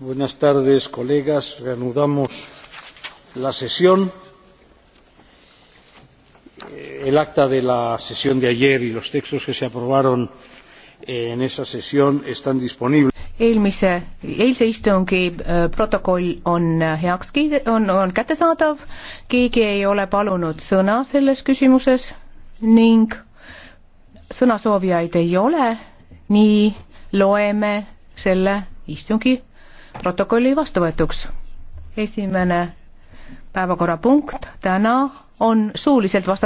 Buenas tardes, colegas. Reanudamos la sesión. Eh, el acta de la sesión de ayer y los textos que se aprobaron eh, en esa sesión están disponibles. eelmise, eilse istungi äh, protokoll on äh, heaks kiide-, on, on kättesaadav, keegi ei ole palunud sõna selles küsimuses ning sõnasoovijaid ei ole, nii loeme selle istungi protokolli vastuvõetuks. esimene päevakorrapunkt täna on suuliselt vastatud